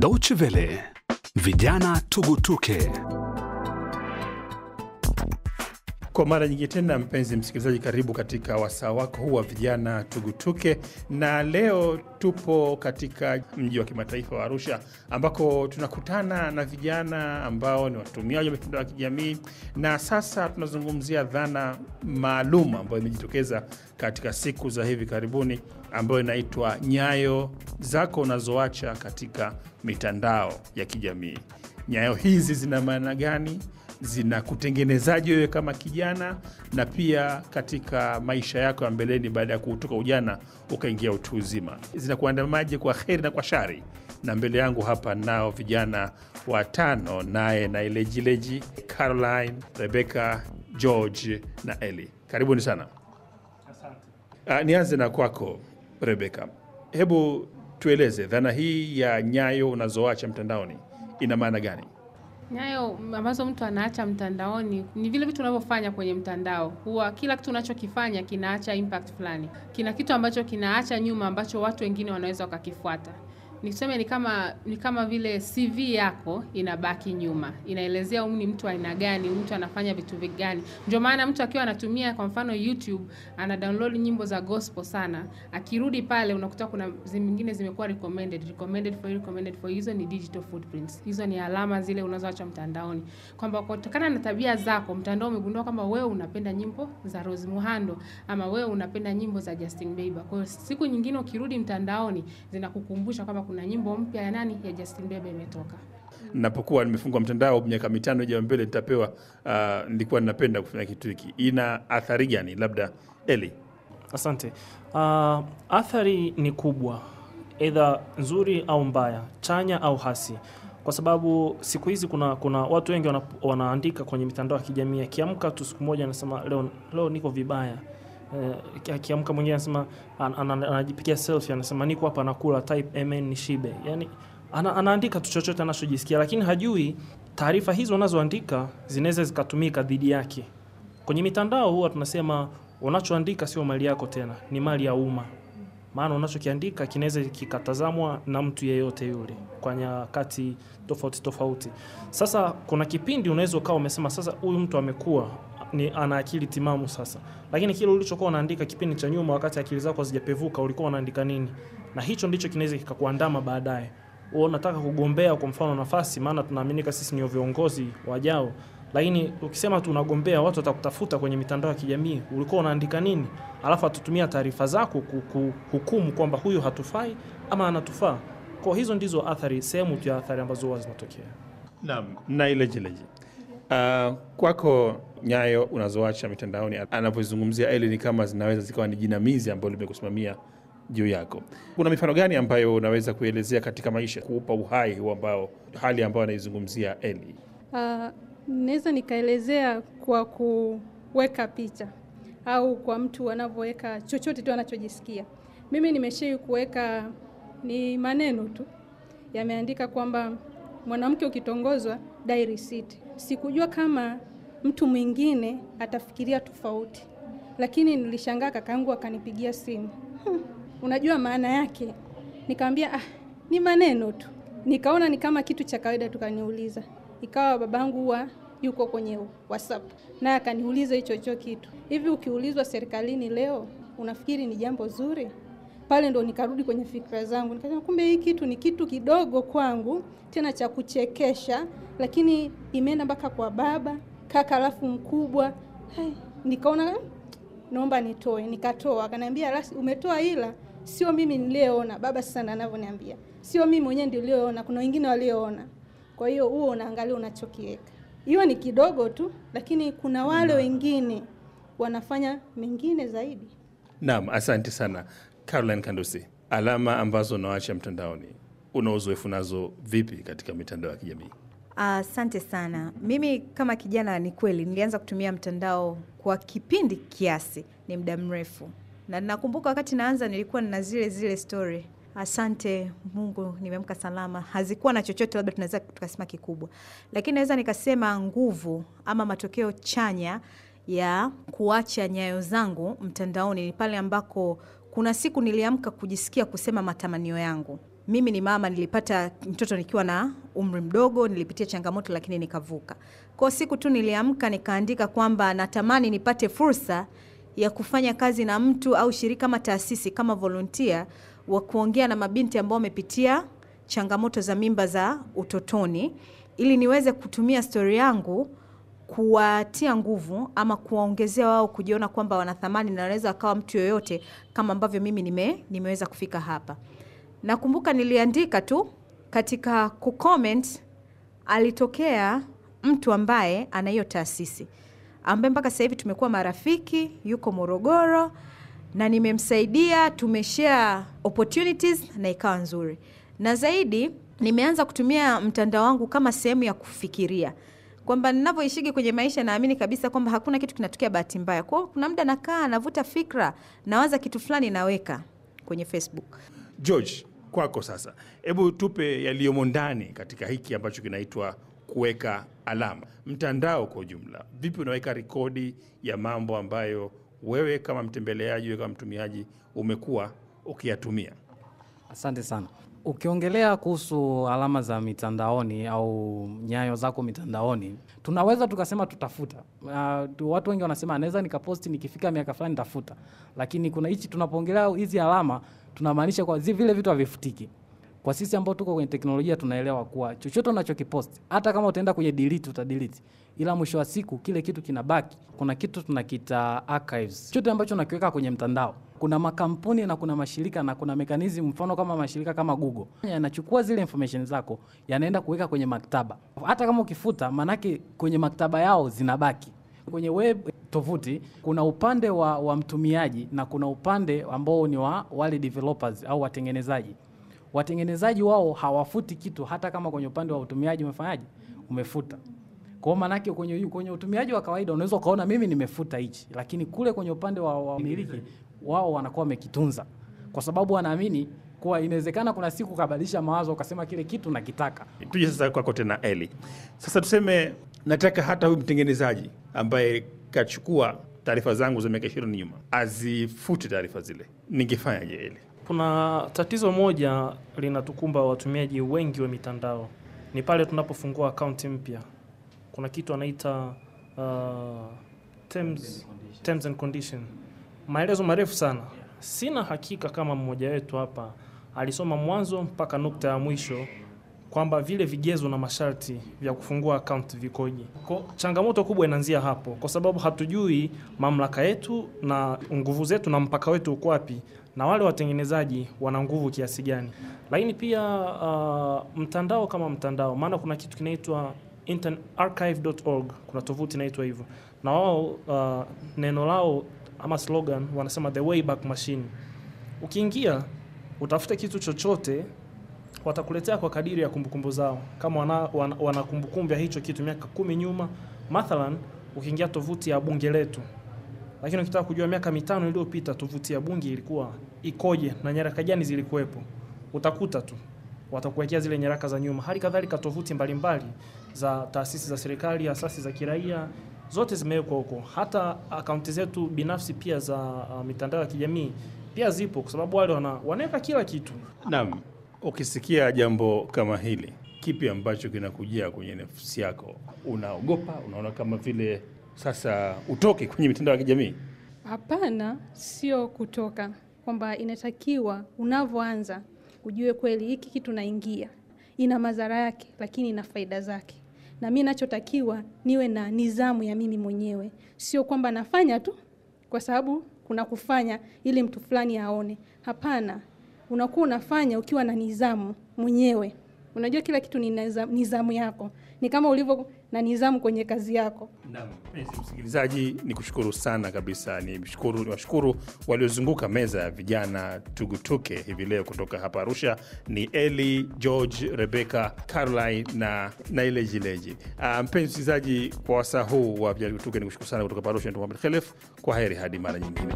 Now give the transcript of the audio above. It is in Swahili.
Deutsche Welle, vijana tugutuke. Kwa mara nyingine tena, mpenzi msikilizaji, karibu katika wasaa wako huu wa vijana tugutuke, na leo tupo katika mji wa kimataifa wa Arusha ambako tunakutana na vijana ambao ni watumiaji wa mitandao ya kijamii, na sasa tunazungumzia dhana maalum ambayo imejitokeza katika siku za hivi karibuni ambayo inaitwa nyayo zako unazoacha katika mitandao ya kijamii. Nyayo hizi zina maana gani? zinakutengenezaje wewe kama kijana, na pia katika maisha yako ya mbeleni, baada ya kutoka ujana ukaingia utu uzima, zinakuandamaje kwa heri na kwa shari. Na mbele yangu hapa nao vijana watano, naye na ilejileji Caroline, rebeka George na Eli. Karibuni sana. Ah, nianze na kwako rebeka hebu tueleze dhana hii ya nyayo unazoacha mtandaoni ina maana gani? Nyayo ambazo mtu anaacha mtandaoni ni vile vitu unavyofanya kwenye mtandao. Huwa kila kitu unachokifanya kinaacha impact fulani, kina kitu ambacho kinaacha nyuma ambacho watu wengine wanaweza wakakifuata niseme ni kama ni kama vile CV yako inabaki nyuma, inaelezea huyu ni mtu aina gani, mtu anafanya vitu gani. Ndio maana mtu akiwa anatumia kwa mfano YouTube ana download nyimbo za gospel sana, akirudi pale unakuta kuna zingine zimekuwa recommended, recommended for recommended for Hizo ni digital footprints, hizo ni alama zile unazoacha mtandaoni, kwamba kutokana na tabia zako mtandao umegundua kwamba wewe unapenda nyimbo za Rose Muhando ama wewe unapenda nyimbo za Justin Bieber. Kwa hiyo siku nyingine ukirudi mtandaoni zinakukumbusha kwamba kuna nyimbo mpya ya nani ya Justin Bieber imetoka. Napokuwa nimefungwa mtandao miaka mitano ijayo mbele nitapewa, uh, nilikuwa ninapenda kufanya kitu hiki. Ina athari gani? Labda Eli. Asante. Uh, athari ni kubwa, aidha nzuri au mbaya, chanya au hasi, kwa sababu siku hizi kuna kuna watu wengi wana, wanaandika kwenye mitandao ya kijamii, akiamka tu siku moja anasema leo, leo niko vibaya uh, akiamka mwingine anasema anajipikia an, an, selfie anasema niko hapa nakula type mn ni shibe yani ana, anaandika tu chochote anachojisikia lakini hajui taarifa hizo anazoandika zinaweza zikatumika dhidi yake kwenye mitandao huwa tunasema unachoandika sio mali yako tena ni mali ya umma maana unachokiandika kinaweza kikatazamwa na mtu yeyote yule kwa nyakati tofauti tofauti. Sasa kuna kipindi unaweza ukawa umesema, sasa huyu mtu amekuwa ni ana akili timamu sasa. Lakini kile ulichokuwa unaandika kipindi cha nyuma wakati akili zako hazijapevuka ulikuwa unaandika nini? Na hicho ndicho kinaweza kikakuandama baadaye. Wewe unataka kugombea kwa mfano nafasi, maana tunaaminika sisi ni viongozi wajao. Lakini ukisema tunagombea, watu watakutafuta kwenye mitandao ya kijamii, ulikuwa unaandika nini? Alafu atutumia taarifa zako kuhukumu kwamba huyu hatufai ama anatufaa. Kwa hizo ndizo athari, sehemu ya athari ambazo huwa zinatokea. Naam, na ile jileje Uh, kwako nyayo unazoacha mitandaoni anavyozungumzia Eli ni kama zinaweza zikawa ni jinamizi ambalo limekusimamia juu yako. Kuna mifano gani ambayo unaweza kuelezea katika maisha kuupa uhai huo ambao hali ambayo anaizungumzia Eli? Uh, naweza nikaelezea kwa kuweka picha au kwa mtu anavyoweka chochote tu anachojisikia. Mimi nimeshai kuweka ni maneno tu yameandika kwamba mwanamke ukitongozwa dai city Sikujua kama mtu mwingine atafikiria tofauti, lakini nilishangaa, kakaangu akanipigia simu hmm, unajua maana yake? Nikamwambia ah, ni maneno tu, nikaona ni kama kitu cha kawaida, tukaniuliza. Ikawa babangu huwa yuko kwenye WhatsApp naye akaniuliza hicho hicho kitu, hivi ukiulizwa serikalini leo unafikiri ni jambo zuri? pale ndo nikarudi kwenye fikra zangu, nikasema kumbe hii kitu ni kitu kidogo kwangu tena cha kuchekesha, lakini imeenda mpaka kwa baba kaka, alafu mkubwa. Hey, nikaona naomba nitoe, nikatoa. Akaniambia rasi, umetoa ila sio mimi niliyeona. Baba sasa ndo anavyoniambia, sio mimi mwenyewe ndio niliyeona, kuna wengine walioona. Kwa hiyo huo unaangalia unachokiweka. Hiyo ni kidogo tu, lakini kuna wale wengine wanafanya mengine zaidi. Naam, asante sana. Caroline Kandusi, alama ambazo unawacha mtandaoni una uzoefu nazo vipi katika mitandao ya kijamii? Ah, asante uh, sana. Mimi kama kijana, ni kweli nilianza kutumia mtandao kwa kipindi kiasi, ni muda mrefu, na nakumbuka wakati naanza nilikuwa na zile zile story Asante Mungu nimeamka salama. Hazikuwa na chochote labda tunaweza tukasema kikubwa, lakini naweza nikasema nguvu ama matokeo chanya ya kuacha nyayo zangu mtandaoni ni pale ambako kuna siku niliamka kujisikia kusema matamanio yangu. Mimi ni mama, nilipata mtoto nikiwa na umri mdogo, nilipitia changamoto lakini nikavuka. ko siku tu niliamka nikaandika kwamba natamani nipate fursa ya kufanya kazi na mtu au shirika ama taasisi kama volontia wa kuongea na mabinti ambao wamepitia changamoto za mimba za utotoni ili niweze kutumia stori yangu kuwatia nguvu ama kuwaongezea wao kujiona kwamba wanathamani na wanaweza akawa mtu yoyote kama ambavyo mimi nime, nimeweza kufika hapa. Nakumbuka niliandika tu katika kucomment, alitokea mtu ambaye ana hiyo taasisi ambaye mpaka sasa hivi tumekuwa marafiki, yuko Morogoro na nimemsaidia, tumeshare opportunities na ikawa nzuri, na zaidi nimeanza kutumia mtandao wangu kama sehemu ya kufikiria kwamba ninavyoishige kwenye maisha naamini kabisa kwamba hakuna kitu kinatokea bahati mbaya. Kwa kuna muda nakaa navuta fikra, nawaza kitu fulani, naweka kwenye Facebook. George, kwako sasa, hebu tupe yaliyomo ndani katika hiki ambacho kinaitwa kuweka alama, mtandao kwa ujumla. Vipi unaweka rekodi ya mambo ambayo wewe kama mtembeleaji, wewe kama mtumiaji umekuwa ukiyatumia? Asante sana. Ukiongelea kuhusu alama za mitandaoni au nyayo zako mitandaoni, tunaweza tukasema tutafuta. Uh, watu wengi wanasema anaweza nikaposti nikifika miaka fulani nitafuta, lakini kuna hichi tunapoongelea hizi alama tunamaanisha kwa vile vitu havifutiki. Kwa sisi ambao tuko kwenye teknolojia tunaelewa kuwa chochote unachokipost hata kama utaenda kwenye delete uta delete ila mwisho wa siku kile kitu kinabaki. Kuna kitu tunakita archives. Chochote ambacho unakiweka kwenye mtandao, kuna makampuni na kuna mashirika na kuna mekanizmu, mfano kama mashirika kama Google yanachukua zile information zako yanaenda kuweka kwenye maktaba. Hata kama ukifuta, manake kwenye maktaba yao zinabaki. Kwenye web tovuti kuna upande wa, wa mtumiaji na kuna upande ambao ni wa wale developers au watengenezaji watengenezaji wao hawafuti kitu, hata kama kwenye upande wa utumiaji umefanyaje, umefuta. Kwa maana yake kwenye, kwenye utumiaji wa kawaida unaweza ukaona mimi nimefuta hichi, lakini kule kwenye upande wa wamiliki wao wanakuwa wamekitunza, kwa sababu wanaamini kuwa inawezekana kuna siku kabadilisha mawazo ukasema kile kitu nakitaka. Tuje sasa kwako tena Eli, sasa tuseme nataka hata huyu mtengenezaji ambaye kachukua taarifa zangu za miaka ishirini nyuma azifute taarifa zile, ningefanyaje Eli? Kuna tatizo moja linatukumba watumiaji wengi wa mitandao, ni pale tunapofungua akaunti mpya, kuna kitu anaita uh, terms, terms and condition, maelezo marefu sana. Sina hakika kama mmoja wetu hapa alisoma mwanzo mpaka nukta ya mwisho kwamba vile vigezo na masharti vya kufungua akaunti vikoje. Kwa changamoto kubwa inaanzia hapo, kwa sababu hatujui mamlaka yetu na nguvu zetu na mpaka wetu uko wapi na wale watengenezaji wana nguvu kiasi gani. Lakini pia uh, mtandao kama mtandao, maana kuna kitu kinaitwa internetarchive.org, kuna tovuti inaitwa hivyo, na wao uh, neno lao ama slogan wanasema the way back machine. Ukiingia utafute kitu chochote watakuletea kwa kadiri ya kumbukumbu zao, kama wana, wana, wana kumbukumbu ya hicho kitu miaka kumi nyuma. Mathalan, ukiingia tovuti ya bunge letu, lakini ukitaka kujua miaka mitano iliyopita tovuti ya bunge ilikuwa ikoje na nyaraka gani zilikuwepo, utakuta tu watakuwekea zile nyaraka za nyuma. Hali kadhalika tovuti mbalimbali za taasisi za serikali, asasi za kiraia, zote zimewekwa huko. Hata akaunti zetu binafsi pia za uh, mitandao ya kijamii pia zipo, kwa sababu wale wanaweka kila kitu. Naam. Ukisikia jambo kama hili, kipi ambacho kinakujia kwenye nafsi yako? Unaogopa? Unaona kama vile sasa utoke kwenye mitandao ya kijamii? Hapana, sio kutoka, kwamba inatakiwa unavyoanza ujue kweli hiki kitu naingia, ina madhara yake, lakini ina faida zake na mi nachotakiwa niwe na nidhamu ya mimi mwenyewe, sio kwamba nafanya tu kwa sababu kuna kufanya ili mtu fulani aone. Hapana, unakuwa unafanya ukiwa na nizamu mwenyewe. Unajua kila kitu ni nizamu nizamu yako, ni kama ulivyo na nizamu kwenye kazi yako. msikilizaji, ni kushukuru sana kabisa, ni mshukuru, ni washukuru waliozunguka meza ya vijana tugutuke hivi leo kutoka hapa Arusha ni Eli, George, Rebecca, Caroline na na ile jileji. Ah, mpenzi um, msikilizaji, kwa wasaa huu wa vijana tugutuke, ni kushukuru sana kutoka hapa Arusha, Abdul Khelef. Kwa heri hadi mara nyingine.